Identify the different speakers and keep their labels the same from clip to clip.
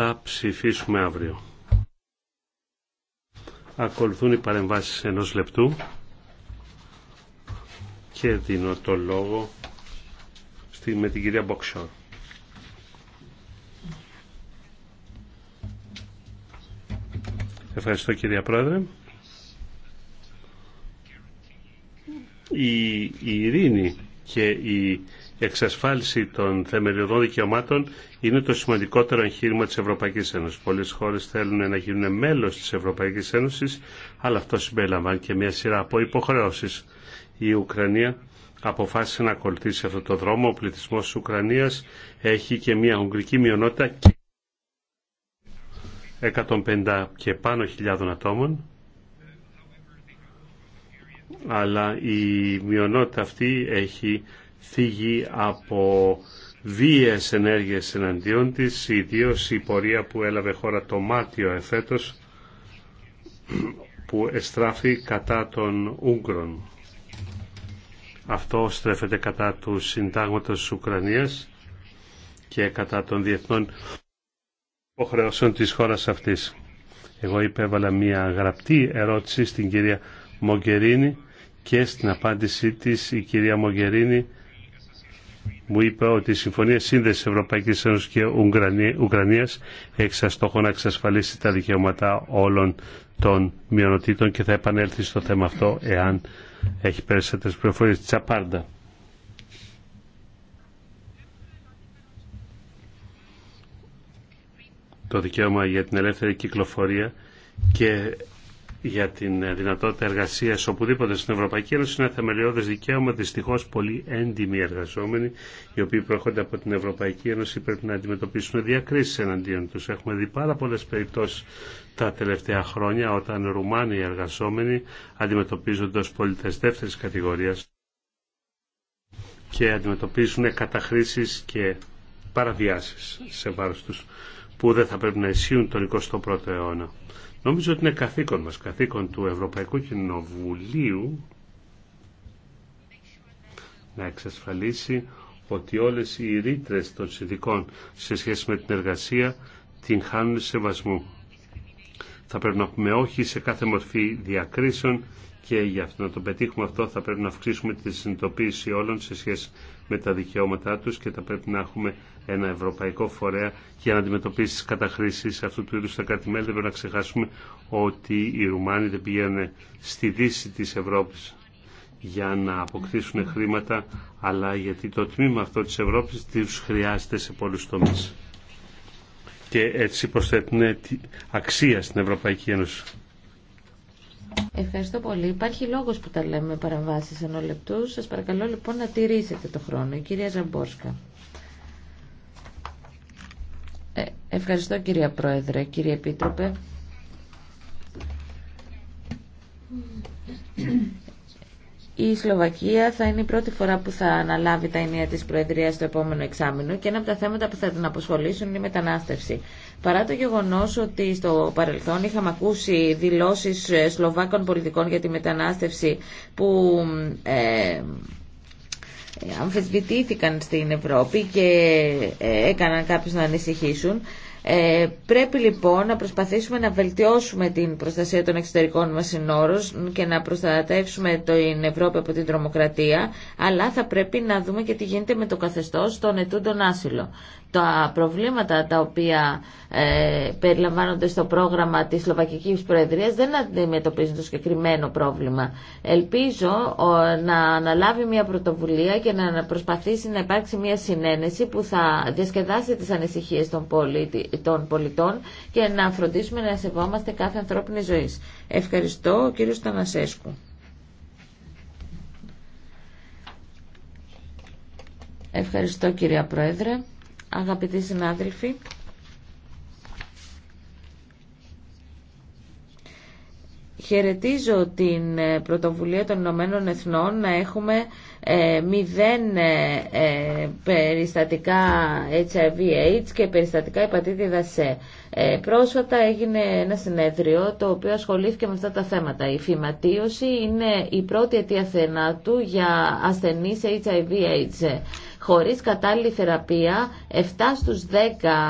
Speaker 1: θα ψηφίσουμε αύριο. Ακολουθούν οι παρεμβάσεις ενός λεπτού και δίνω το λόγο στη, με την κυρία Μποξόρ. Ευχαριστώ κυρία Πρόεδρε. Η, η ειρήνη και η εξασφάλιση των θεμελιωδών δικαιωμάτων είναι το σημαντικότερο εγχείρημα της Ευρωπαϊκής Ένωσης. Πολλές χώρες θέλουν να γίνουν μέλος της Ευρωπαϊκής Ένωσης, αλλά αυτό συμπεριλαμβάνει και μια σειρά από υποχρεώσεις. Η Ουκρανία αποφάσισε να ακολουθήσει αυτό το δρόμο. Ο πληθυσμός της Ουκρανίας έχει και μια ουγγρική μειονότητα 150 και πάνω χιλιάδων ατόμων αλλά η μειονότητα αυτή έχει θίγει από βίαιες ενέργειες εναντίον της, ιδίω η πορεία που έλαβε χώρα το Μάρτιο εφέτος που εστράφει κατά των Ούγγρων. Αυτό στρέφεται κατά του συντάγματος της Ουκρανίας και κατά των διεθνών υποχρεώσεων της χώρας αυτής. Εγώ υπέβαλα μια γραπτή ερώτηση στην κυρία Μογκερίνη και στην απάντησή της η κυρία Μογκερίνη μου είπε ότι η Συμφωνία Σύνδεση Ευρωπαϊκή Ένωση και Ουκρανία έχει σαν στόχο να εξασφαλίσει τα δικαιώματα όλων των μειονοτήτων και θα επανέλθει στο θέμα αυτό εάν έχει περισσότερε πληροφορίε. Τσαπάρντα. Το δικαίωμα για την ελεύθερη κυκλοφορία και για την ε, δυνατότητα εργασία οπουδήποτε στην Ευρωπαϊκή Ένωση είναι ένα θεμελιώδε δικαίωμα. Δυστυχώ, πολύ έντιμοι εργαζόμενοι, οι οποίοι προέρχονται από την Ευρωπαϊκή Ένωση, πρέπει να αντιμετωπίσουν διακρίσει εναντίον του. Έχουμε δει πάρα πολλέ περιπτώσει τα τελευταία χρόνια όταν Ρουμάνοι εργαζόμενοι αντιμετωπίζονται ω πολίτε δεύτερη κατηγορία και αντιμετωπίζουν καταχρήσεις και παραβιάσει σε βάρο του που δεν θα πρέπει να ισχύουν τον 21ο αιώνα. Νομίζω ότι είναι καθήκον μας, καθήκον του Ευρωπαϊκού Κοινοβουλίου να εξασφαλίσει ότι όλες οι ρήτρε των συνδικών σε σχέση με την εργασία την χάνουν σεβασμού. Θα πρέπει να πούμε όχι σε κάθε μορφή διακρίσεων και για να το πετύχουμε αυτό θα πρέπει να αυξήσουμε τη συνειδητοποίηση όλων σε σχέση με τα δικαιώματά τους και θα πρέπει να έχουμε ένα ευρωπαϊκό φορέα για να αντιμετωπίσει τι καταχρήσεις αυτού του είδου στα κράτη-μέλη. Δεν πρέπει να ξεχάσουμε ότι οι Ρουμάνοι δεν πηγαίνουν στη δύση τη Ευρώπη για να αποκτήσουν χρήματα, αλλά γιατί το τμήμα αυτό τη Ευρώπη του χρειάζεται σε πολλού τομεί. Και έτσι προσθέτουν αξία στην Ευρωπαϊκή Ένωση.
Speaker 2: Ευχαριστώ πολύ. Υπάρχει λόγο που τα λέμε παραβάσει ενό λεπτού. Σα παρακαλώ λοιπόν να τηρήσετε το χρόνο. Η κυρία Ζαμπόρσκα. Ευχαριστώ κυρία Πρόεδρε, κύριε Επίτροπε. Η Σλοβακία θα είναι η πρώτη φορά που θα αναλάβει τα ενία της Προεδρίας στο επόμενο εξάμεινο και ένα από τα θέματα που θα την αποσχολήσουν είναι η μετανάστευση. Παρά το γεγονός ότι στο παρελθόν είχαμε ακούσει δηλώσεις ε, Σλοβάκων πολιτικών για τη μετανάστευση που... Ε, αμφισβητήθηκαν στην Ευρώπη και ε, έκαναν κάποιους να ανησυχήσουν. Ε, πρέπει λοιπόν να προσπαθήσουμε να βελτιώσουμε την προστασία των εξωτερικών μας συνόρων και να προστατεύσουμε την Ευρώπη από την τρομοκρατία, αλλά θα πρέπει να δούμε και τι γίνεται με το καθεστώς των ετούντων άσυλο τα προβλήματα τα οποία ε, περιλαμβάνονται στο πρόγραμμα της Σλοβακικής Προεδρίας δεν αντιμετωπίζουν το συγκεκριμένο πρόβλημα. Ελπίζω να αναλάβει μια πρωτοβουλία και να προσπαθήσει να υπάρξει μια συνένεση που θα διασκεδάσει τις ανησυχίες των, πολιτών και να φροντίσουμε να σεβόμαστε κάθε ανθρώπινη ζωή. Ευχαριστώ κύριο Στανασέσκου. Ευχαριστώ κυρία Πρόεδρε αγαπητοί συνάδελφοι. Χαιρετίζω την ε, πρωτοβουλία των Ηνωμένων Εθνών να έχουμε ε, μηδέν ε, περιστατικά HIV-AIDS και περιστατικά υπατήτηδα ε. πρόσφατα έγινε ένα συνέδριο το οποίο ασχολήθηκε με αυτά τα θέματα. Η φυματίωση είναι η πρώτη αιτία θενάτου για ασθενείς HIV-AIDS. Χωρίς κατάλληλη θεραπεία, 7 στους 10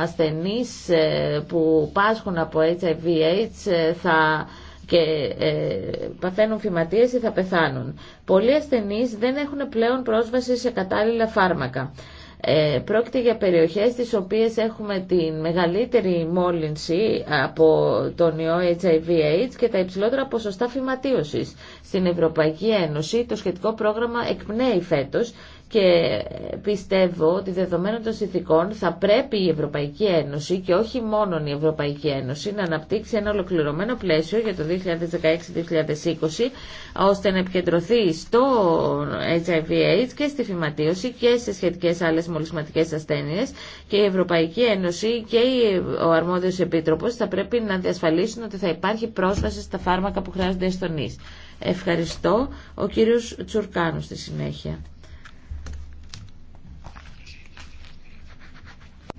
Speaker 2: ασθενείς ε, που πάσχουν από HIV AIDS ε, θα και ε, παθαίνουν φυματίες ή θα πεθάνουν. Πολλοί ασθενείς δεν έχουν πλέον πρόσβαση σε κατάλληλα φάρμακα. Ε, πρόκειται για περιοχές τις οποίες έχουμε τη μεγαλύτερη μόλυνση από τον ιό HIV AIDS και τα υψηλότερα ποσοστά φυματίωσης. Στην Ευρωπαϊκή Ένωση το σχετικό πρόγραμμα εκπνέει φέτος και πιστεύω ότι δεδομένων των συνθηκών θα πρέπει η Ευρωπαϊκή Ένωση και όχι μόνο η Ευρωπαϊκή Ένωση να αναπτύξει ένα ολοκληρωμένο πλαίσιο για το 2016-2020 ώστε να επικεντρωθεί στο HIV AIDS και στη φυματίωση και σε σχετικές άλλες μολυσματικές ασθένειες και η Ευρωπαϊκή Ένωση και ο αρμόδιος επίτροπος θα πρέπει να διασφαλίσουν ότι θα υπάρχει πρόσβαση στα φάρμακα που χρειάζονται εστονείς. Ευχαριστώ. Ο κύριος Τσουρκάνου στη συνέχεια.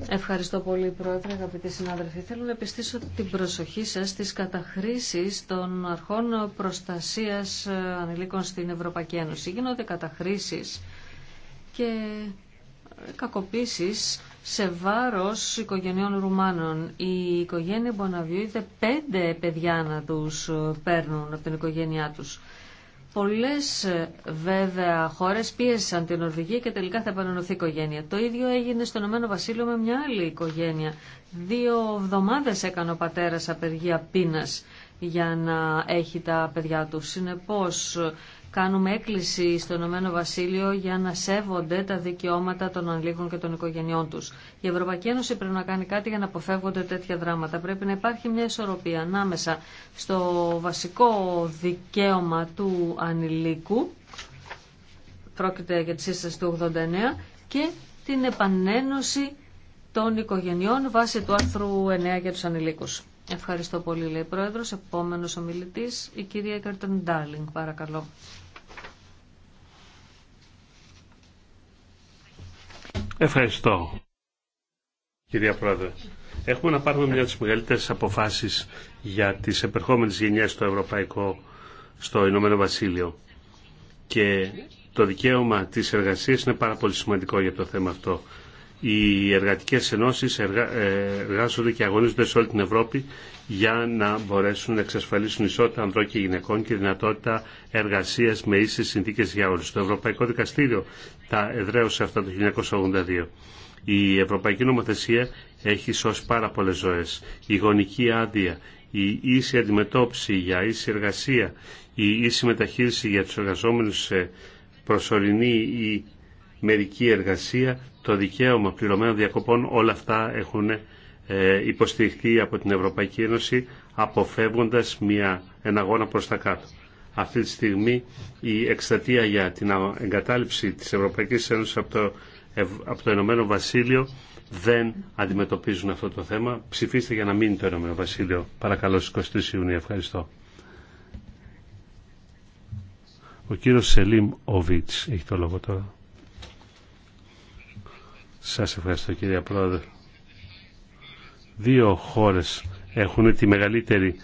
Speaker 3: Ευχαριστώ πολύ, Πρόεδρε, αγαπητοί συνάδελφοι. Θέλω να επιστήσω την προσοχή σας στις καταχρήσεις των αρχών προστασίας ε, ανηλίκων στην Ευρωπαϊκή Ένωση. Γίνονται καταχρήσεις και ε, κακοποίησει σε βάρο οικογενειών Ρουμάνων. Η οικογένεια Μποναβιού είδε πέντε παιδιά να τους ε, παίρνουν από την οικογένειά τους. Πολλέ ε, βέβαια χώρε πίεσαν την Νορβηγία και τελικά θα επανενωθεί η οικογένεια. Το ίδιο έγινε στον Ηνωμένο Βασίλειο με μια άλλη οικογένεια. Δύο εβδομάδες έκανε ο πατέρας απεργία πείνα για να έχει τα παιδιά του. Συνεπώς κάνουμε έκκληση στο Ηνωμένο Βασίλειο για να σέβονται τα δικαιώματα των ανηλίκων και των οικογενειών τους. Η Ευρωπαϊκή Ένωση πρέπει να κάνει κάτι για να αποφεύγονται τέτοια δράματα. Πρέπει να υπάρχει μια ισορροπία ανάμεσα στο βασικό δικαίωμα του ανηλίκου, πρόκειται για τη σύσταση του 89, και την επανένωση των οικογενειών βάσει του άρθρου 9 για τους ανηλίκους. Ευχαριστώ πολύ, λέει η Πρόεδρος. Επόμενος ομιλητής, η κυρία Καρτον Ντάρλινγκ, παρακαλώ.
Speaker 1: Ευχαριστώ. Κυρία Πρόεδρε, έχουμε να πάρουμε μια από τι μεγαλύτερε αποφάσεις για τι επερχόμενε γενιέ στο Ευρωπαϊκό, στο Ηνωμένο Βασίλειο. Και το δικαίωμα τη εργασία είναι πάρα πολύ σημαντικό για το θέμα αυτό οι εργατικές ενώσεις ε, εργάζονται και αγωνίζονται σε όλη την Ευρώπη για να μπορέσουν να εξασφαλίσουν ισότητα ανδρών και γυναικών και δυνατότητα εργασίας με ίσες συνθήκες για όλους. Το Ευρωπαϊκό Δικαστήριο τα εδραίωσε αυτά το 1982. Η Ευρωπαϊκή Νομοθεσία έχει σώσει πάρα πολλές ζωές. Η γονική άδεια, η ίση αντιμετώπιση για ίση εργασία, η ίση μεταχείριση για τους εργαζόμενους σε προσωρινή ή μερική εργασία, το δικαίωμα πληρωμένων διακοπών, όλα αυτά έχουν ε, υποστηριχθεί από την Ευρωπαϊκή Ένωση αποφεύγοντας μια, ένα αγώνα προς τα κάτω. Αυτή τη στιγμή η εκστατεία για την εγκατάλειψη της Ευρωπαϊκής Ένωσης από το, από το Βασίλειο δεν αντιμετωπίζουν αυτό το θέμα. Ψηφίστε για να μείνει το Ενωμένο Βασίλειο. Παρακαλώ στις 23 Ιουνίου. Ευχαριστώ. Ο κύριος Σελίμ Οβίτς έχει το λόγο τώρα. Σας ευχαριστώ κύριε Πρόεδρε. Δύο χώρες έχουν τη μεγαλύτερη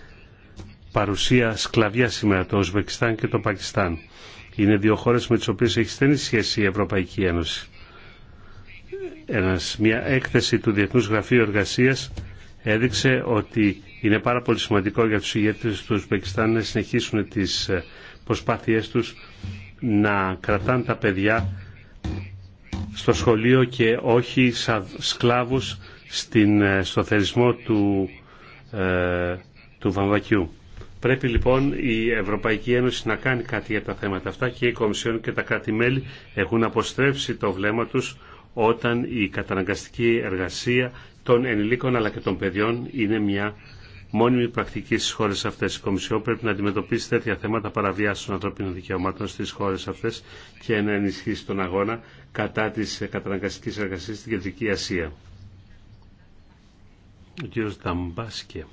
Speaker 1: παρουσία σκλαβιά σήμερα, το Ουσβεκιστάν και το Πακιστάν. Είναι δύο χώρες με τις οποίες έχει στενή σχέση η Ευρωπαϊκή Ένωση. Ένας, μια έκθεση του Διεθνούς Γραφείου Εργασίας έδειξε ότι είναι πάρα πολύ σημαντικό για τους ηγέτες του Ουσβεκιστάν να συνεχίσουν τις ε, προσπάθειές τους να κρατάνε τα παιδιά στο σχολείο και όχι σαν σκλάβους στην, ε, στο θερισμό του, ε, του βαμβακιού. Πρέπει λοιπόν η Ευρωπαϊκή Ένωση να κάνει κάτι για τα θέματα αυτά και η Κομισιόν και τα κράτη-μέλη έχουν αποστρέψει το βλέμμα τους όταν η καταναγκαστική εργασία των ενηλίκων αλλά και των παιδιών είναι μια μόνιμη πρακτική στι χώρε αυτέ. Η Κομισιόν πρέπει να αντιμετωπίσει τέτοια θέματα των ανθρωπίνων δικαιωμάτων στι χώρε αυτέ και να ενισχύσει τον αγώνα κατά τη καταναγκαστική εργασία στην Κεντρική Ασία. Ο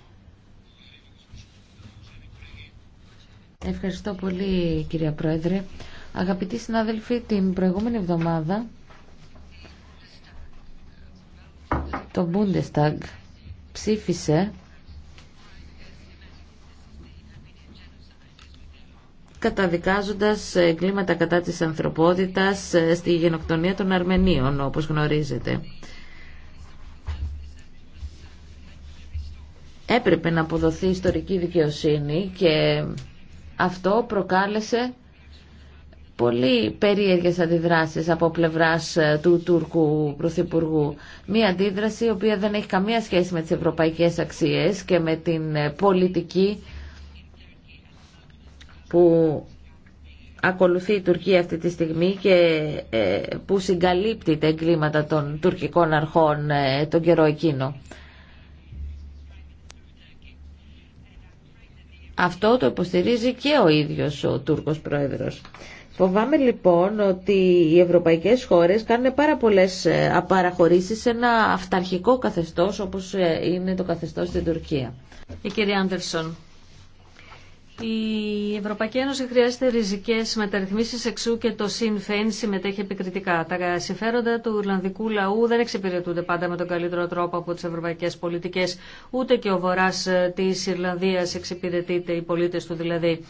Speaker 2: Ευχαριστώ πολύ κυρία Πρόεδρε. Αγαπητοί συνάδελφοι, την προηγούμενη εβδομάδα το Bundestag ψήφισε καταδικάζοντας ε, κλίματα κατά της ανθρωπότητας ε, στη γενοκτονία των Αρμενίων, όπως γνωρίζετε. Έπρεπε να αποδοθεί ιστορική δικαιοσύνη και αυτό προκάλεσε πολύ περίεργες αντιδράσεις από πλευράς ε, του Τούρκου Πρωθυπουργού. Μία αντίδραση η οποία δεν έχει καμία σχέση με τις ευρωπαϊκές αξίες και με την πολιτική που ακολουθεί η Τουρκία αυτή τη στιγμή και ε, που συγκαλύπτει τα εγκλήματα των τουρκικών αρχών ε, τον καιρό εκείνο. Αυτό το υποστηρίζει και ο ίδιος ο Τούρκος Πρόεδρος. Φοβάμαι λοιπόν ότι οι ευρωπαϊκές χώρες κάνουν πάρα πολλές ε, απαραχωρήσεις σε ένα αυταρχικό καθεστώς όπως είναι το καθεστώς στην Τουρκία.
Speaker 3: Η κυρία Άντερσον. Η Ευρωπαϊκή Ένωση χρειάζεται ριζικέ μεταρρυθμίσει εξού και το ΣΥΝΦΕΝ συμμετέχει επικριτικά. Τα συμφέροντα του Ιρλανδικού λαού δεν εξυπηρετούνται πάντα με τον καλύτερο τρόπο από τι ευρωπαϊκέ πολιτικέ. Ούτε και ο βορρά ε, τη Ιρλανδία εξυπηρετείται, οι πολίτε του δηλαδή.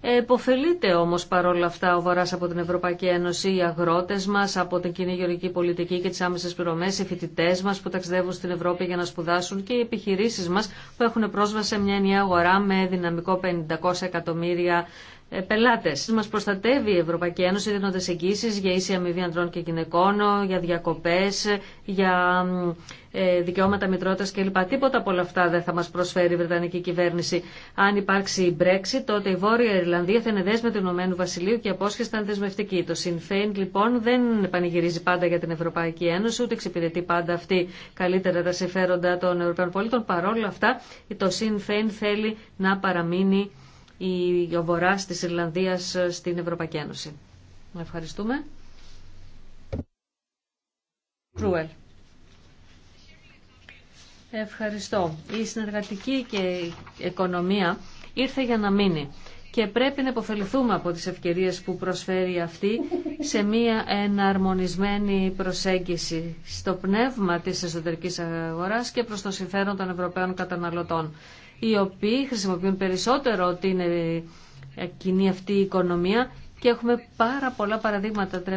Speaker 3: Εποφελείται όμως παρόλα αυτά ο Βορράς από την Ευρωπαϊκή Ένωση, οι αγρότες μας, από την κοινή γεωργική πολιτική και τις άμεσες πληρωμές, οι φοιτητέ μας που ταξιδεύουν στην Ευρώπη για να σπουδάσουν και οι επιχειρήσεις μας που έχουν πρόσβαση σε μια ενιαία αγορά με δυναμικό 500 εκατομμύρια ε, Πελάτε. Μα προστατεύει η Ευρωπαϊκή Ένωση δίνοντα εγγύσει για ίση αμοιβή ανδρών και γυναικών, για διακοπέ, για ε, δικαιώματα μητρότητα κλπ. Τίποτα από όλα αυτά δεν θα μα προσφέρει η Βρετανική κυβέρνηση. Αν υπάρξει η Brexit, τότε η Βόρεια Ιρλανδία θα είναι δέσμευτη του Ηνωμένου Βασιλείου και απόσχεσταν δεσμευτική. Το Sinn Féin λοιπόν δεν πανηγυρίζει πάντα για την Ευρωπαϊκή Ένωση, ούτε εξυπηρετεί πάντα αυτή καλύτερα τα συμφέροντα των Ευρωπαίων πολίτων. Παρόλα αυτά, το Sinn θέλει να παραμείνει η, ο βορράς της στην Ευρωπαϊκή Ένωση. Ευχαριστούμε. Ευχαριστώ. Η συνεργατική και η οικονομία ήρθε για να μείνει και πρέπει να υποφεληθούμε από τις ευκαιρίες που προσφέρει αυτή σε μία εναρμονισμένη προσέγγιση στο πνεύμα της εσωτερικής αγοράς και προς το συμφέρον των Ευρωπαίων καταναλωτών οι οποίοι χρησιμοποιούν περισσότερο την ε, ε, κοινή αυτή η οικονομία και έχουμε πάρα πολλά παραδείγματα. 36%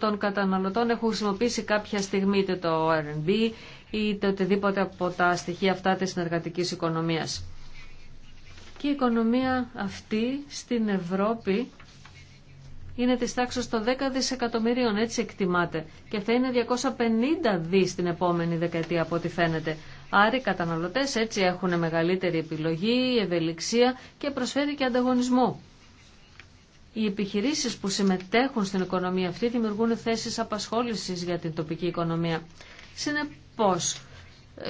Speaker 3: των καταναλωτών έχουν χρησιμοποιήσει κάποια στιγμή είτε το R&B είτε οτιδήποτε από τα στοιχεία αυτά της συνεργατικής οικονομίας. Και η οικονομία αυτή στην Ευρώπη είναι της τάξης των 10 δισεκατομμυρίων, έτσι εκτιμάται. Και θα είναι 250 δις την επόμενη δεκαετία από ό,τι φαίνεται. Άρα οι καταναλωτές έτσι έχουν μεγαλύτερη επιλογή, ευελιξία και προσφέρει και ανταγωνισμό. Οι επιχειρήσεις που συμμετέχουν στην οικονομία αυτή δημιουργούν θέσεις απασχόλησης για την τοπική οικονομία. Συνεπώς,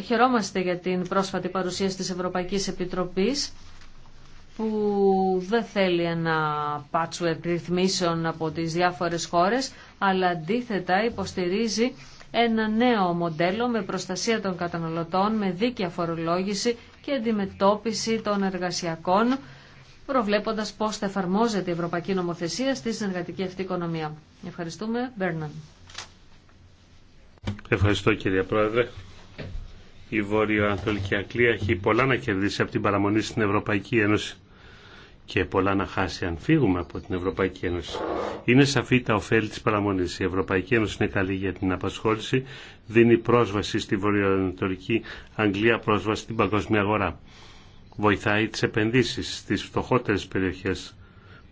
Speaker 3: χαιρόμαστε για την πρόσφατη παρουσίαση της Ευρωπαϊκής Επιτροπής που δεν θέλει ένα πάτσουερ ρυθμίσεων από τις διάφορες χώρες, αλλά αντίθετα υποστηρίζει ένα νέο μοντέλο με προστασία των καταναλωτών, με δίκαια φορολόγηση και αντιμετώπιση των εργασιακών, προβλέποντας πώς θα εφαρμόζεται η Ευρωπαϊκή Νομοθεσία στη συνεργατική αυτή οικονομία. Ευχαριστούμε. Μπέρναν.
Speaker 1: Ευχαριστώ κύριε Πρόεδρε. Η Βόρειο Ανατολική Ακλία έχει πολλά να κερδίσει από την παραμονή στην Ευρωπαϊκή Ένωση και πολλά να χάσει αν φύγουμε από την Ευρωπαϊκή Ένωση. Είναι σαφή τα ωφέλη της παραμονής. Η Ευρωπαϊκή Ένωση είναι καλή για την απασχόληση, δίνει πρόσβαση στη βορειοανατολική Αγγλία, πρόσβαση στην παγκόσμια αγορά. Βοηθάει τις επενδύσεις στις φτωχότερες περιοχές.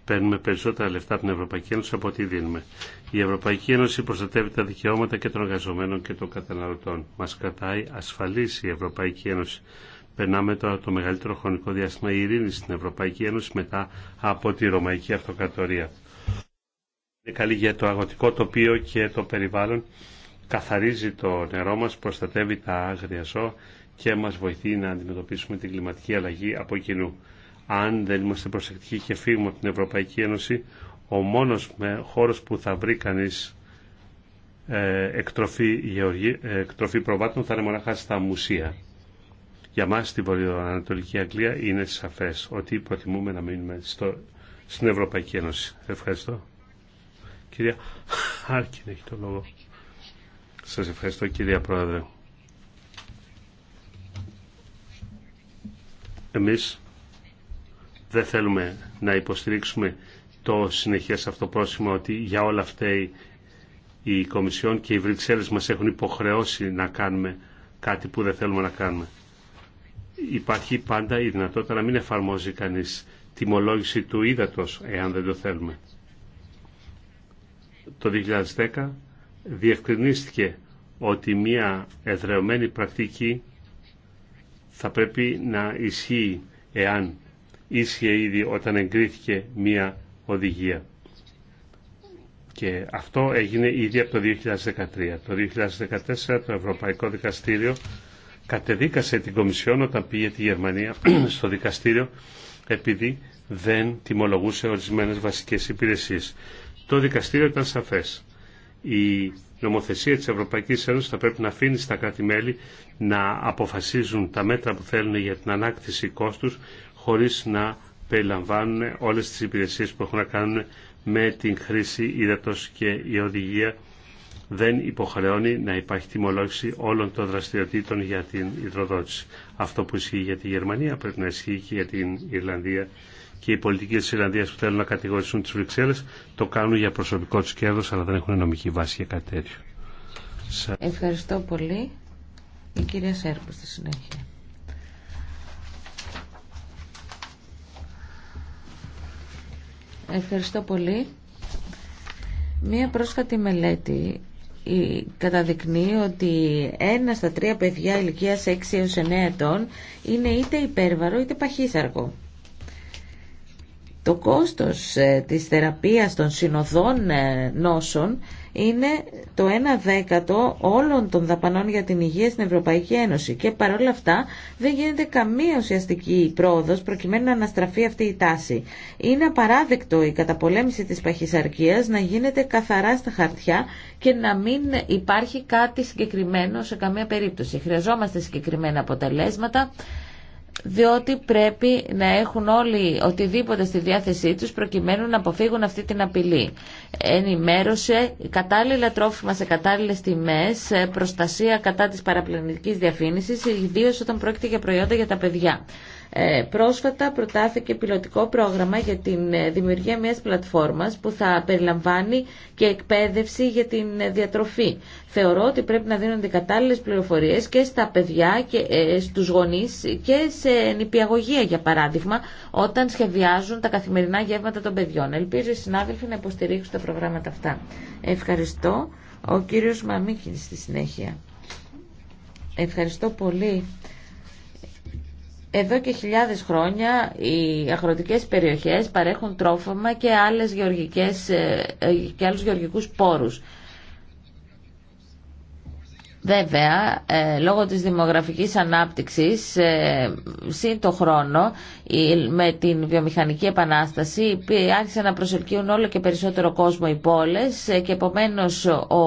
Speaker 1: Παίρνουμε περισσότερα λεφτά από την Ευρωπαϊκή Ένωση από ό,τι δίνουμε. Η Ευρωπαϊκή Ένωση προστατεύει τα δικαιώματα και των εργαζομένων και των καταναλωτών. Μας κρατάει ασφαλή η Ευρωπαϊκή Ένωση. Περνάμε τώρα το μεγαλύτερο χρονικό διάστημα ειρήνη στην Ευρωπαϊκή Ένωση μετά από τη Ρωμαϊκή Αυτοκρατορία. Είναι καλή για το αγωτικό τοπίο και το περιβάλλον. Καθαρίζει το νερό μας, προστατεύει τα άγρια ζώα και μας βοηθεί να αντιμετωπίσουμε την κλιματική αλλαγή από κοινού. Αν δεν είμαστε προσεκτικοί και φύγουμε από την Ευρωπαϊκή Ένωση, ο μόνος με χώρος που θα βρει κανείς ε, εκτροφή, ε, εκτροφή προβάτων θα είναι μονάχα στα μουσεία. Για μας στην Βορειοανατολική Αγγλία είναι σαφές ότι προτιμούμε να μείνουμε στο, στην Ευρωπαϊκή Ένωση. Ευχαριστώ. Κυρία Άρκιν έχει το λόγο. Σας ευχαριστώ κυρία Πρόεδρε. Εμείς δεν θέλουμε να υποστηρίξουμε το συνεχές αυτό πρόσημα ότι για όλα αυτά η Κομισιόν και οι Βρυξέλλες μας έχουν υποχρεώσει να κάνουμε κάτι που δεν θέλουμε να κάνουμε υπάρχει πάντα η δυνατότητα να μην εφαρμόζει κανείς τιμολόγηση του ύδατος εάν δεν το θέλουμε. Το 2010 διευκρινίστηκε ότι μια εδρεωμένη πρακτική θα πρέπει να ισχύει εάν ίσχυε ήδη όταν εγκρίθηκε μια οδηγία. Και αυτό έγινε ήδη από το 2013. Το 2014 το Ευρωπαϊκό Δικαστήριο κατεδίκασε την Κομισιόν όταν πήγε τη Γερμανία στο δικαστήριο επειδή δεν τιμολογούσε ορισμένες βασικές υπηρεσίες. Το δικαστήριο ήταν σαφές. Η νομοθεσία της Ευρωπαϊκής Ένωσης θα πρέπει να αφήνει στα κράτη-μέλη να αποφασίζουν τα μέτρα που θέλουν για την ανάκτηση κόστους χωρίς να περιλαμβάνουν όλες τις υπηρεσίες που έχουν να κάνουν με την χρήση ύδατος και η οδηγία δεν υποχρεώνει να υπάρχει τιμολόγηση όλων των δραστηριοτήτων για την υδροδότηση. Αυτό που ισχύει για τη Γερμανία πρέπει να ισχύει και για την Ιρλανδία και οι πολιτικοί της Ιρλανδίας που θέλουν να κατηγορήσουν τις Βρυξέλλες το κάνουν για προσωπικό τους κέρδος αλλά δεν έχουν νομική βάση για κάτι τέτοιο.
Speaker 2: Ευχαριστώ πολύ. Η κυρία Σέρπου στη συνέχεια. Ευχαριστώ πολύ. Μία πρόσφατη μελέτη καταδεικνύει ότι ένα στα τρία παιδιά ηλικίας 6 έως 9 ετών είναι είτε υπέρβαρο είτε παχύσαρκο. Το κόστος ε, της θεραπείας των συνοδών ε, νόσων είναι το 1 δέκατο όλων των δαπανών για την υγεία στην Ευρωπαϊκή Ένωση και παρόλα αυτά δεν γίνεται καμία ουσιαστική πρόοδος προκειμένου να αναστραφεί αυτή η τάση. Είναι απαράδεκτο η καταπολέμηση της παχυσαρκίας να γίνεται καθαρά στα χαρτιά και να μην υπάρχει κάτι συγκεκριμένο σε καμία περίπτωση. Χρειαζόμαστε συγκεκριμένα αποτελέσματα διότι πρέπει να έχουν όλοι οτιδήποτε στη διάθεσή τους προκειμένου να αποφύγουν αυτή την απειλή. Ενημέρωσε κατάλληλα τρόφιμα σε κατάλληλες τιμές, προστασία κατά της παραπλανητικής διαφήμισης, ιδίω όταν πρόκειται για προϊόντα για τα παιδιά. Ε, πρόσφατα προτάθηκε πιλωτικό πρόγραμμα για την ε, δημιουργία μιας πλατφόρμας που θα περιλαμβάνει και εκπαίδευση για την ε, διατροφή. Θεωρώ ότι πρέπει να δίνονται κατάλληλες πληροφορίες και στα παιδιά και στους γονείς και σε νηπιαγωγία για παράδειγμα όταν σχεδιάζουν τα καθημερινά γεύματα των παιδιών. Ελπίζω οι συνάδελφοι να υποστηρίξουν τα προγράμματα αυτά. Ευχαριστώ. Ο κύριος Μαμίκης στη συνέχεια. Ευχαριστώ πολύ εδώ και χιλιάδες χρόνια οι αγροτικές περιοχές παρέχουν τρόφιμα και, άλλες γεωργικές, ε, ε, και άλλους γεωργικούς πόρους. Βέβαια, ε, λόγω της δημογραφικής ανάπτυξης, ε, σύν το χρόνο, με την βιομηχανική επανάσταση, άρχισαν να προσελκύουν όλο και περισσότερο κόσμο οι πόλες ε, και επομένως ο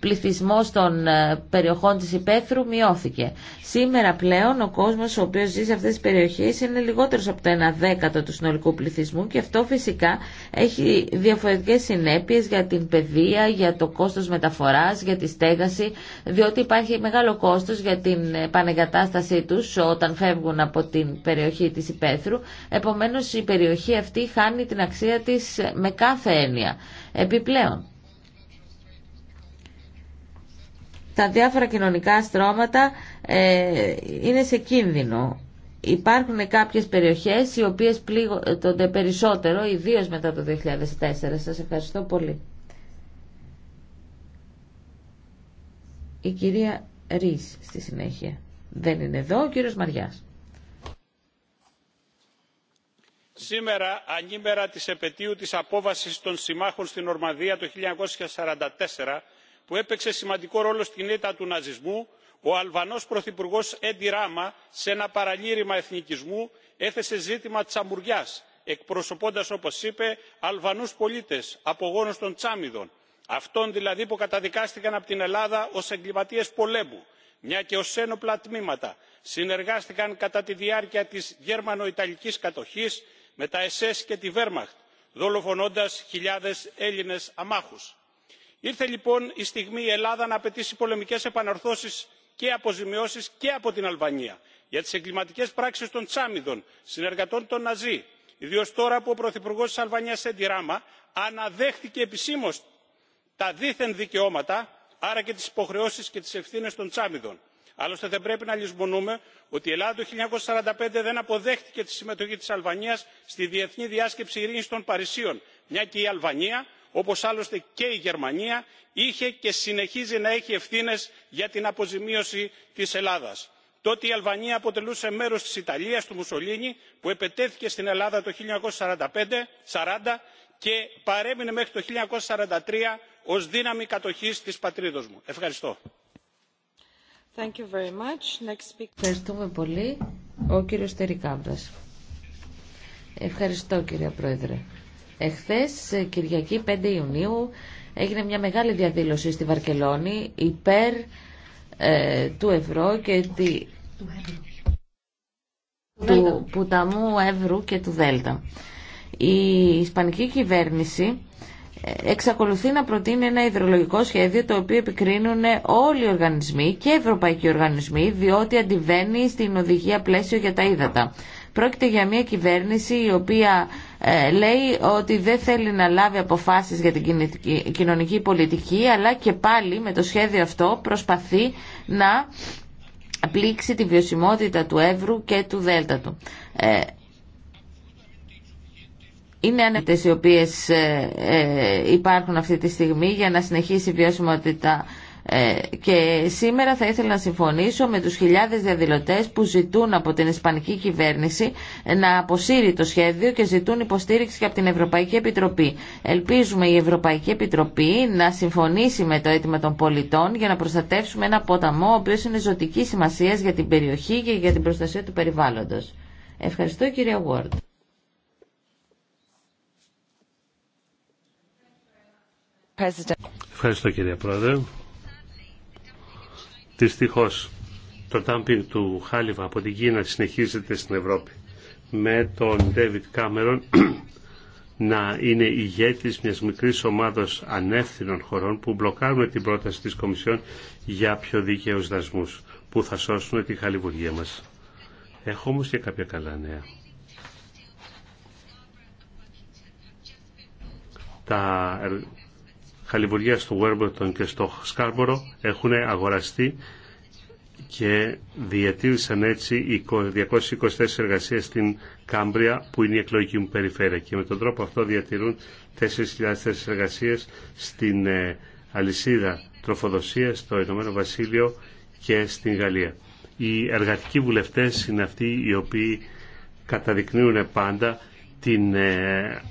Speaker 2: πληθυσμός των περιοχών της υπαίθρου μειώθηκε. Σήμερα πλέον ο κόσμος ο οποίος ζει σε αυτές τις περιοχές είναι λιγότερος από το 1 δέκατο του συνολικού πληθυσμού και αυτό φυσικά έχει διαφορετικές συνέπειες για την παιδεία, για το κόστος μεταφοράς, για τη στέγαση, διότι υπάρχει μεγάλο κόστος για την πανεγκατάστασή τους όταν φεύγουν από την περιοχή της υπέθρου Επομένως η περιοχή αυτή χάνει την αξία της με κάθε έννοια. Επιπλέον, τα διάφορα κοινωνικά στρώματα ε, είναι σε κίνδυνο. Υπάρχουν κάποιες περιοχές οι οποίες πλήγονται περισσότερο, ιδίως μετά το 2004. Σας ευχαριστώ πολύ. η κυρία Ρης στη συνέχεια. Δεν είναι εδώ ο κύριος Μαριάς.
Speaker 4: Σήμερα, ανήμερα της επαιτίου της απόβασης των συμμάχων στην Ορμανδία το 1944, που έπαιξε σημαντικό ρόλο στην ήττα του ναζισμού, ο Αλβανός Πρωθυπουργό Έντι Ράμα, σε ένα παραλήρημα εθνικισμού, έθεσε ζήτημα τσαμουριάς, εκπροσωπώντας, όπως είπε, Αλβανούς πολίτες, απογόνους των Τσάμιδων, αυτών δηλαδή που καταδικάστηκαν από την ελλάδα ως εγκληματίες πολέμου μια και ως ένοπλα τμήματα συνεργάστηκαν κατά τη διάρκεια της γέρμανο ιταλικής κατοχής με τα ss και τη wehrmacht δολοφονώντας χιλιάδες έλληνες αμάχους. ήρθε λοιπόν η στιγμή η ελλάδα να απαιτήσει πολεμικές επανορθώσεις και αποζημιώσεις και από την αλβανία για τις εγκληματικές πράξεις των τσάμιδων συνεργατών των ναζί ιδίως τώρα που ο πρωθυπουργός της αλβανίας έντι ράμα αναδέχθηκε επισήμω τα δίθεν δικαιώματα άρα και τις υποχρεώσεις και τις ευθύνες των τσάμιδων. άλλωστε δεν πρέπει να λησμονούμε ότι η ελλάδα το 1945 δεν αποδέχτηκε τη συμμετοχή της αλβανίας στη διεθνή διάσκεψη ειρήνης των παρισίων μια και η αλβανία όπως άλλωστε και η γερμανία είχε και συνεχίζει να έχει ευθύνες για την αποζημίωση της ελλάδας. τότε η αλβανία αποτελούσε μέρος της ιταλίας του μουσολίνη που επετέθηκε στην ελλάδα το 1945 40 και παρέμεινε μέχρι το 1943 ως δύναμη κατοχής της πατρίδος μου. Ευχαριστώ.
Speaker 2: Thank you very much. Next Ευχαριστούμε πολύ. Ο κύριος Τερικάμπρας. Ευχαριστώ κύριε Πρόεδρε. Εχθές, Κυριακή 5 Ιουνίου, έγινε μια μεγάλη διαδήλωση στη Βαρκελόνη υπέρ ε, του ευρώ και τη, του, του πουταμού εύρου και του δέλτα. Η ισπανική κυβέρνηση εξακολουθεί να προτείνει ένα υδρολογικό σχέδιο το οποίο επικρίνουν όλοι οι οργανισμοί και ευρωπαϊκοί οργανισμοί διότι αντιβαίνει στην οδηγία πλαίσιο για τα ύδατα. Πρόκειται για μια κυβέρνηση η οποία ε, λέει ότι δεν θέλει να λάβει αποφάσεις για την κοινωνική πολιτική αλλά και πάλι με το σχέδιο αυτό προσπαθεί να πλήξει τη βιωσιμότητα του Εύρου και του Δέλτα του. Ε, είναι ανεπτές οι οποίες ε, ε, υπάρχουν αυτή τη στιγμή για να συνεχίσει η βιώσιμότητα ε, και σήμερα θα ήθελα να συμφωνήσω με τους χιλιάδες διαδηλωτές που ζητούν από την Ισπανική κυβέρνηση να αποσύρει το σχέδιο και ζητούν υποστήριξη και από την Ευρωπαϊκή Επιτροπή. Ελπίζουμε η Ευρωπαϊκή Επιτροπή να συμφωνήσει με το αίτημα των πολιτών για να προστατεύσουμε ένα ποταμό ο οποίος είναι ζωτική σημασία για την περιοχή και για την προστασία του περιβάλλοντος. Ευχαριστώ κύριε Ward.
Speaker 1: Ευχαριστώ κύριε Πρόεδρε. Δυστυχώ, το τάμπινγκ του Χάλιβα από την Κίνα συνεχίζεται στην Ευρώπη με τον Ντέβιτ Κάμερον να είναι ηγέτης μιας μικρής ομάδος ανεύθυνων χωρών που μπλοκάρουν την πρόταση της Κομισιόν για πιο δίκαιους δασμούς που θα σώσουν τη χαλιβουργία μας. Έχω όμως και κάποια καλά νέα. Τα χαλιβουργία στο Βέρμπερτον και στο Σκάρμπορο έχουν αγοραστεί και διατήρησαν έτσι 224 εργασίε στην Κάμπρια που είναι η εκλογική μου περιφέρεια και με τον τρόπο αυτό διατηρούν 4.000 εργασίες στην ε, αλυσίδα τροφοδοσία στο Ηνωμένο Βασίλειο και στην Γαλλία. Οι εργατικοί βουλευτές είναι αυτοί οι οποίοι καταδεικνύουν πάντα την ε,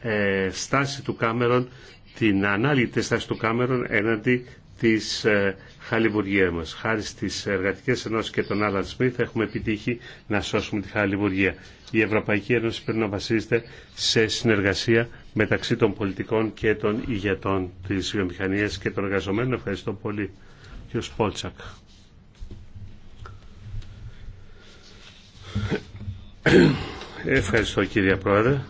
Speaker 1: ε, στάση του Κάμερον την ανάλυτη της του Κάμερον έναντι της ε, χαλιβουργία μας. Χάρη στις εργατικές ενώσεις και τον Άλαν Σμιθ έχουμε επιτύχει να σώσουμε τη χαλιβουργία. Η Ευρωπαϊκή Ένωση πρέπει να βασίζεται σε συνεργασία μεταξύ των πολιτικών και των ηγετών της βιομηχανίας και των εργαζομένων. Ευχαριστώ πολύ. Ευχαριστώ κύριε Πρόεδρε.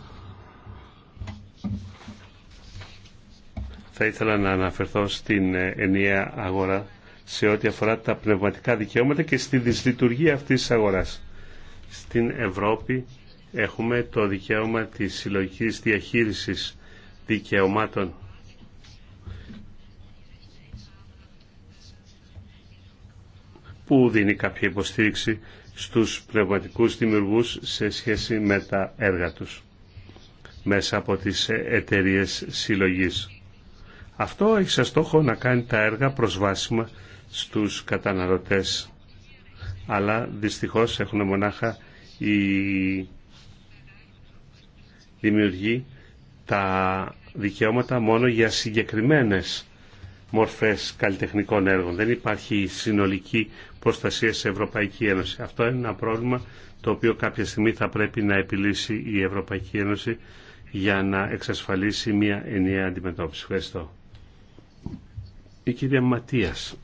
Speaker 1: θα ήθελα να αναφερθώ στην ε, ενιαία αγορά σε ό,τι αφορά τα πνευματικά δικαιώματα και στη δυσλειτουργία αυτής της αγοράς. Στην Ευρώπη έχουμε το δικαίωμα της συλλογικής διαχείρισης δικαιωμάτων που δίνει κάποια υποστήριξη στους πνευματικούς δημιουργούς σε σχέση με τα έργα τους μέσα από τις ε, εταιρείες συλλογής. Αυτό έχει σαν στόχο να κάνει τα έργα προσβάσιμα στους καταναλωτές. Αλλά δυστυχώς έχουν μονάχα οι δημιουργοί τα δικαιώματα μόνο για συγκεκριμένες μορφές καλλιτεχνικών έργων. Δεν υπάρχει συνολική προστασία σε Ευρωπαϊκή Ένωση. Αυτό είναι ένα πρόβλημα το οποίο κάποια στιγμή θα πρέπει να επιλύσει η Ευρωπαϊκή Ένωση για να εξασφαλίσει μια ενιαία αντιμετώπιση. Ευχαριστώ η κυρία Ματίας.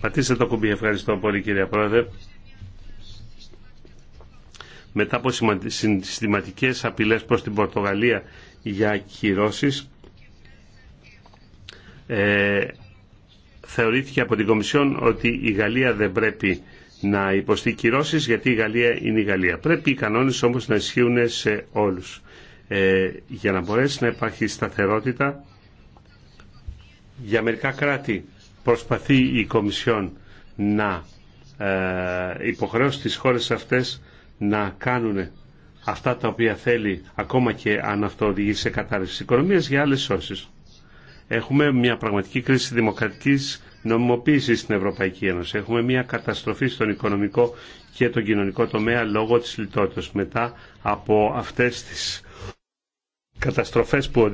Speaker 1: Πατήστε το κουμπί. Ευχαριστώ πολύ κύριε Πρόεδρε. Μετά από συστηματικές απειλές προς την Πορτογαλία για κυρώσεις, ε, θεωρήθηκε από την Κομισιόν ότι η Γαλλία δεν πρέπει να υποστεί γιατί η Γαλλία είναι η Γαλλία. Πρέπει οι κανόνε όμω να ισχύουν σε όλους. Ε, για να μπορέσει να υπάρχει σταθερότητα για μερικά κράτη προσπαθεί η Κομισιόν να ε, υποχρεώσει τις χώρες αυτές να κάνουν αυτά τα οποία θέλει ακόμα και αν αυτό οδηγεί σε κατάρρευση της οικονομίας για άλλες σώσεις. Έχουμε μια πραγματική κρίση δημοκρατικής νομιμοποίηση στην Ευρωπαϊκή Ένωση. Έχουμε μια καταστροφή στον οικονομικό και τον κοινωνικό τομέα λόγω της λιτότητας. Μετά από αυτές τις καταστροφές που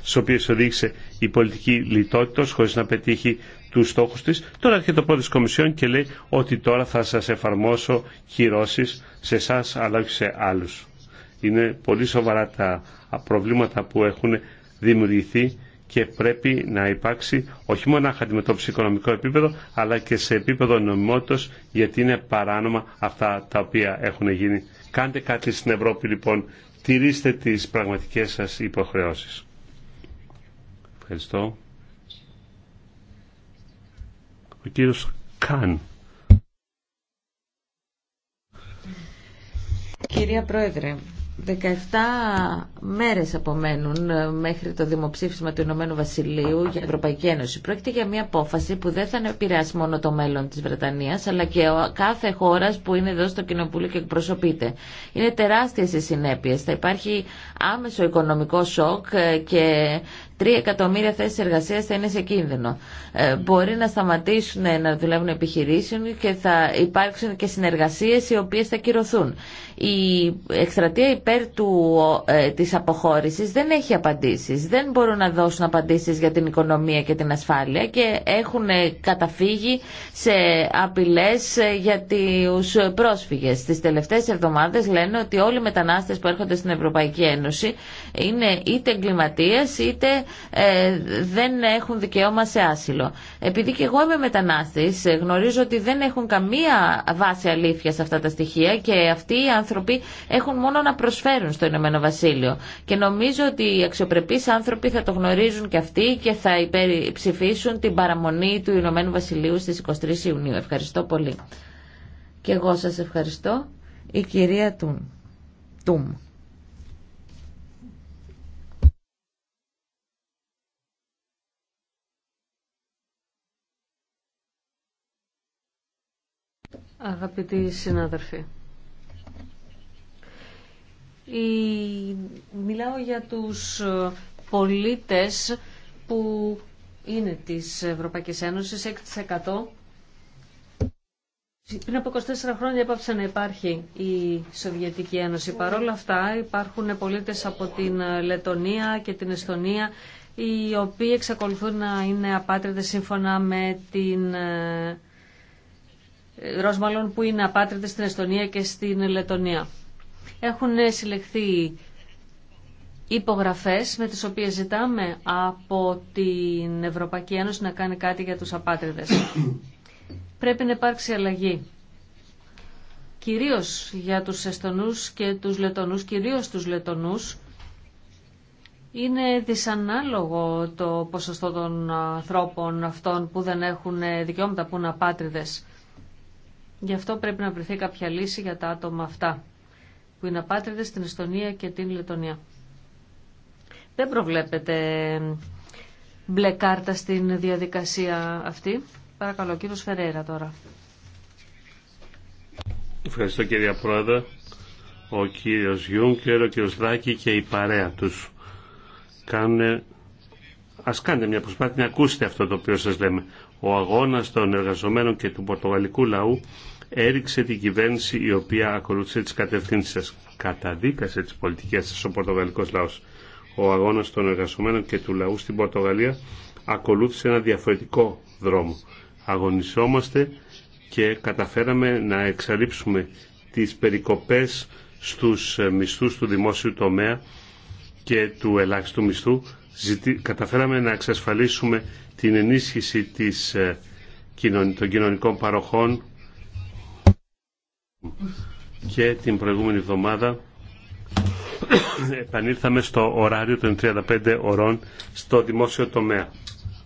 Speaker 1: στις οποίες οδήγησε η πολιτική λιτότητας χωρίς να πετύχει τους στόχους της. Τώρα έρχεται ο της Κομισιόν και λέει ότι τώρα θα σας εφαρμόσω κυρώσεις σε εσά αλλά όχι σε άλλους. Είναι πολύ σοβαρά τα προβλήματα που έχουν δημιουργηθεί και πρέπει να υπάρξει όχι μόνο αντιμετώπιση οικονομικό επίπεδο αλλά και σε επίπεδο νομιμότητας γιατί είναι παράνομα αυτά τα οποία έχουν γίνει. Κάντε κάτι στην Ευρώπη λοιπόν, τηρήστε τις πραγματικές σας υποχρεώσεις. Ευχαριστώ. Ο κύριος Καν.
Speaker 2: Κυρία Πρόεδρε, 17 μέρες απομένουν ε, μέχρι το δημοψήφισμα του Ηνωμένου Βασιλείου για την Ευρωπαϊκή Ένωση. Πρόκειται για μια απόφαση που δεν θα επηρεάσει μόνο το μέλλον της Βρετανίας, αλλά και κάθε χώρα που είναι εδώ στο Κοινοβούλιο και εκπροσωπείται. Είναι τεράστιες οι συνέπειες. Θα υπάρχει άμεσο οικονομικό σοκ ε, και Τρία εκατομμύρια θέσει εργασία θα είναι σε κίνδυνο. Ε, μπορεί να σταματήσουν να δουλεύουν επιχειρήσει και θα υπάρξουν και συνεργασίε οι οποίε θα κυρωθούν. Η εκστρατεία υπέρ του, ε, της αποχώρησης δεν έχει απαντήσεις. Δεν μπορούν να δώσουν απαντήσεις για την οικονομία και την ασφάλεια και έχουν ε, καταφύγει σε απειλές ε, για τους πρόσφυγες. Τις τελευταίες εβδομάδες λένε ότι όλοι οι μετανάστες που έρχονται στην Ευρωπαϊκή Ένωση είναι είτε εγκληματίε είτε ε, δεν έχουν δικαίωμα σε άσυλο. Επειδή και εγώ είμαι μετανάστης, ε, γνωρίζω ότι δεν έχουν καμία βάση αλήθεια σε αυτά τα στοιχεία και αυτοί οι άνθρωποι έχουν μόνο να προσφέρουν στο Ηνωμένο Βασίλειο. Και νομίζω ότι οι αξιοπρεπείς άνθρωποι θα το γνωρίζουν και αυτοί και θα υπερψηφίσουν την παραμονή του Ηνωμένου Βασιλείου στις 23 Ιουνίου. Ευχαριστώ πολύ. Και εγώ σας ευχαριστώ. Η κυρία Τούμ.
Speaker 3: Αγαπητοί συνάδελφοι, η... μιλάω για τους πολίτες που είναι της Ευρωπαϊκής Ένωσης 6% πριν από 24 χρόνια έπαψε να υπάρχει η Σοβιετική Ένωση. Παρόλα αυτά υπάρχουν πολίτες από την Λετωνία και την Εστονία οι οποίοι εξακολουθούν να είναι απάτριδες σύμφωνα με την ε, Ρώσ που είναι απάτριδες στην Εστονία και στην Λετωνία. Έχουν συλλεχθεί υπογραφές με τις οποίες ζητάμε από την Ευρωπαϊκή Ένωση να κάνει κάτι για τους απάτριδες. Πρέπει να υπάρξει αλλαγή. Κυρίως για τους Εστονούς και τους Λετωνούς, κυρίως τους Λετονούς, είναι δυσανάλογο το ποσοστό των ανθρώπων αυτών που δεν έχουν δικαιώματα, που είναι απάτριδες. Γι' αυτό πρέπει να βρεθεί κάποια λύση για τα άτομα αυτά, που είναι απάτριδες στην Εστονία και την Λετωνία. Δεν προβλέπετε μπλε κάρτα στην διαδικασία αυτή. Παρακαλώ, κύριο Φερέρα τώρα.
Speaker 1: Ευχαριστώ κύριε Πρόεδρε, ο κύριος και ο κύριος Δράκη και η παρέα τους κάνουν ας κάνετε μια προσπάθεια να ακούσετε αυτό το οποίο σας λέμε. Ο αγώνας των εργαζομένων και του πορτογαλικού λαού έριξε την κυβέρνηση η οποία ακολούθησε τις κατευθύνσεις σας. Καταδίκασε τις πολιτικές σας ο πορτογαλικός λαός. Ο αγώνας των εργαζομένων και του λαού στην Πορτογαλία ακολούθησε ένα διαφορετικό δρόμο. Αγωνιζόμαστε και καταφέραμε να εξαλείψουμε τις περικοπές στους μισθούς του δημόσιου τομέα και του ελάχιστου μισθού καταφέραμε να εξασφαλίσουμε την ενίσχυση της, ε, των κοινωνικών παροχών και την προηγούμενη εβδομάδα επανήλθαμε στο ωράριο των 35 ωρών στο δημόσιο τομέα.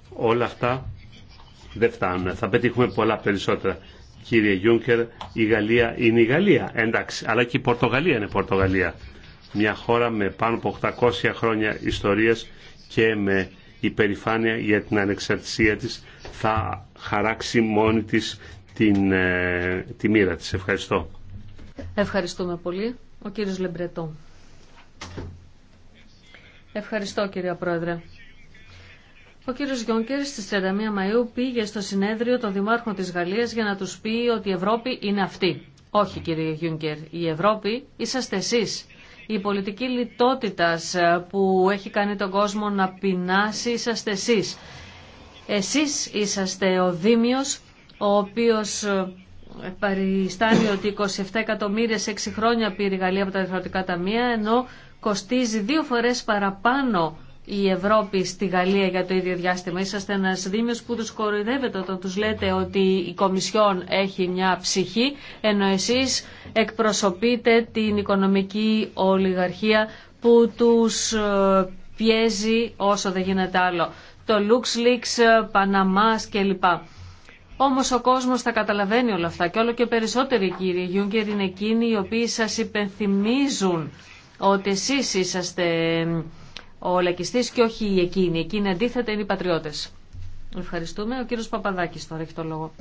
Speaker 1: Όλα αυτά δεν φτάνουν. Θα πετύχουμε πολλά περισσότερα. Κύριε Γιούνκερ, η Γαλλία είναι η Γαλλία, εντάξει, αλλά και η Πορτογαλία είναι η Πορτογαλία μια χώρα με πάνω από 800 χρόνια ιστορίας και με υπερηφάνεια για την ανεξαρτησία της θα χαράξει μόνη της την, ε, τη μοίρα της. Ευχαριστώ.
Speaker 3: Ευχαριστούμε πολύ. Ο κύριος Λεμπρετό. Ευχαριστώ κύριε Πρόεδρε. Ο κύριος Γιόνκερ στις 31 Μαΐου πήγε στο συνέδριο των Δημάρχων της Γαλλίας για να τους πει ότι η Ευρώπη είναι αυτή. Όχι κύριε Γιόνκερ, η Ευρώπη είσαστε εσείς. Η πολιτική λιτότητας ε, που έχει κάνει τον κόσμο να πεινάσει είσαστε εσείς. Εσείς είσαστε ο Δήμιος, ο οποίος ε, παριστάνει ότι 27 εκατομμύρια σε 6 χρόνια πήρε η Γαλλία από τα δημοτικά ταμεία, ενώ κοστίζει δύο φορές παραπάνω η Ευρώπη στη Γαλλία για το ίδιο διάστημα. Είσαστε ένα δήμιος που του κοροϊδεύετε όταν τους λέτε ότι η Κομισιόν έχει μια ψυχή, ενώ εσείς εκπροσωπείτε την οικονομική ολιγαρχία που τους ε, πιέζει όσο δεν γίνεται άλλο. Το LuxLeaks, Παναμά ε, κλπ. Όμω ο κόσμο θα καταλαβαίνει όλα αυτά και όλο και περισσότεροι κύριοι Γιούγκερ είναι εκείνοι οι οποίοι σα υπενθυμίζουν ότι εσεί είσαστε ε, ο λακιστή και όχι η εκείνη. Εκείνη αντίθετα είναι οι πατριώτε. Ευχαριστούμε. Ο κύριος Παπαδάκης τώρα έχει το λόγο.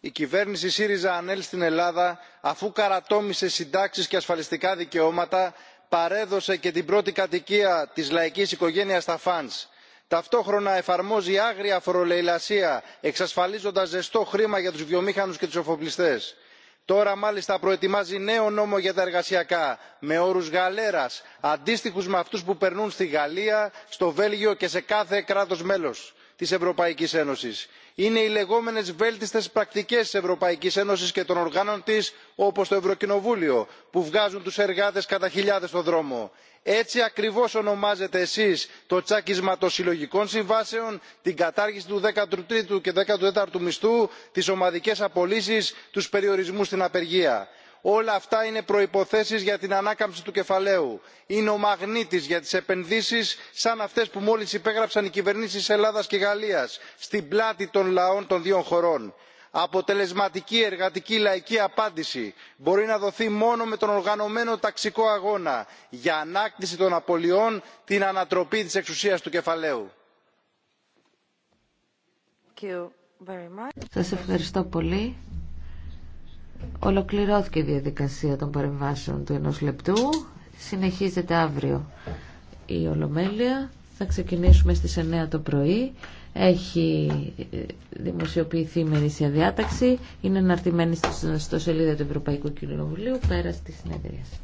Speaker 5: Η κυβέρνηση ΣΥΡΙΖΑ ανέλθει στην Ελλάδα αφού καρατόμησε συντάξεις και ασφαλιστικά δικαιώματα παρέδωσε και την πρώτη κατοικία της λαϊκής οικογένειας στα ΦΑΝΣ. Ταυτόχρονα εφαρμόζει άγρια φορολεηλασία εξασφαλίζοντα ζεστό χρήμα για του βιομήχανου και του εφοπλιστές τώρα μάλιστα προετοιμάζει νέο νόμο για τα εργασιακά με όρους γαλέρας αντίστοιχους με αυτούς που περνούν στη γαλλία στο βέλγιο και σε κάθε κράτος μέλος της ευρωπαϊκής ένωσης είναι οι λεγόμενες βέλτιστες πρακτικές της ευρωπαϊκής ένωσης και των οργάνων της όπως το ευρωκοινοβούλιο που βγάζουν τους εργάτες κατά χιλιάδες στον δρόμο. έτσι ακριβώς ονομάζετε εσείς το τσάκισμα των συλλογικών συμβάσεων την κατάργηση του 13ου και 14ου μισθού τις ομαδικές απολύσεις τους περιορισμούς στην απεργία όλα αυτά είναι προϋποθέσεις για την ανάκαμψη του κεφαλαίου είναι ο μαγνήτης για τις επενδύσεις σαν αυτές που μόλις υπέγραψαν οι κυβερνήσεις ελλάδας και γαλλίας στην πλάτη των λαών των δύο χωρών. αποτελεσματική εργατική λαϊκή απάντηση μπορεί να δοθεί μόνο με τον οργανωμένο ταξικό αγώνα για ανάκτηση των απολειών την ανατροπή της εξουσίας του κεφαλαίου.
Speaker 2: ευχαριστώ πολύ. Ολοκληρώθηκε η διαδικασία των παρεμβάσεων του ενός λεπτού. Συνεχίζεται αύριο η Ολομέλεια. Θα ξεκινήσουμε στις 9 το πρωί. Έχει ε, δημοσιοποιηθεί η μερίσια διάταξη. Είναι αναρτημένη στο σελίδα του Ευρωπαϊκού Κοινοβουλίου πέρα στη συνεδρίαση.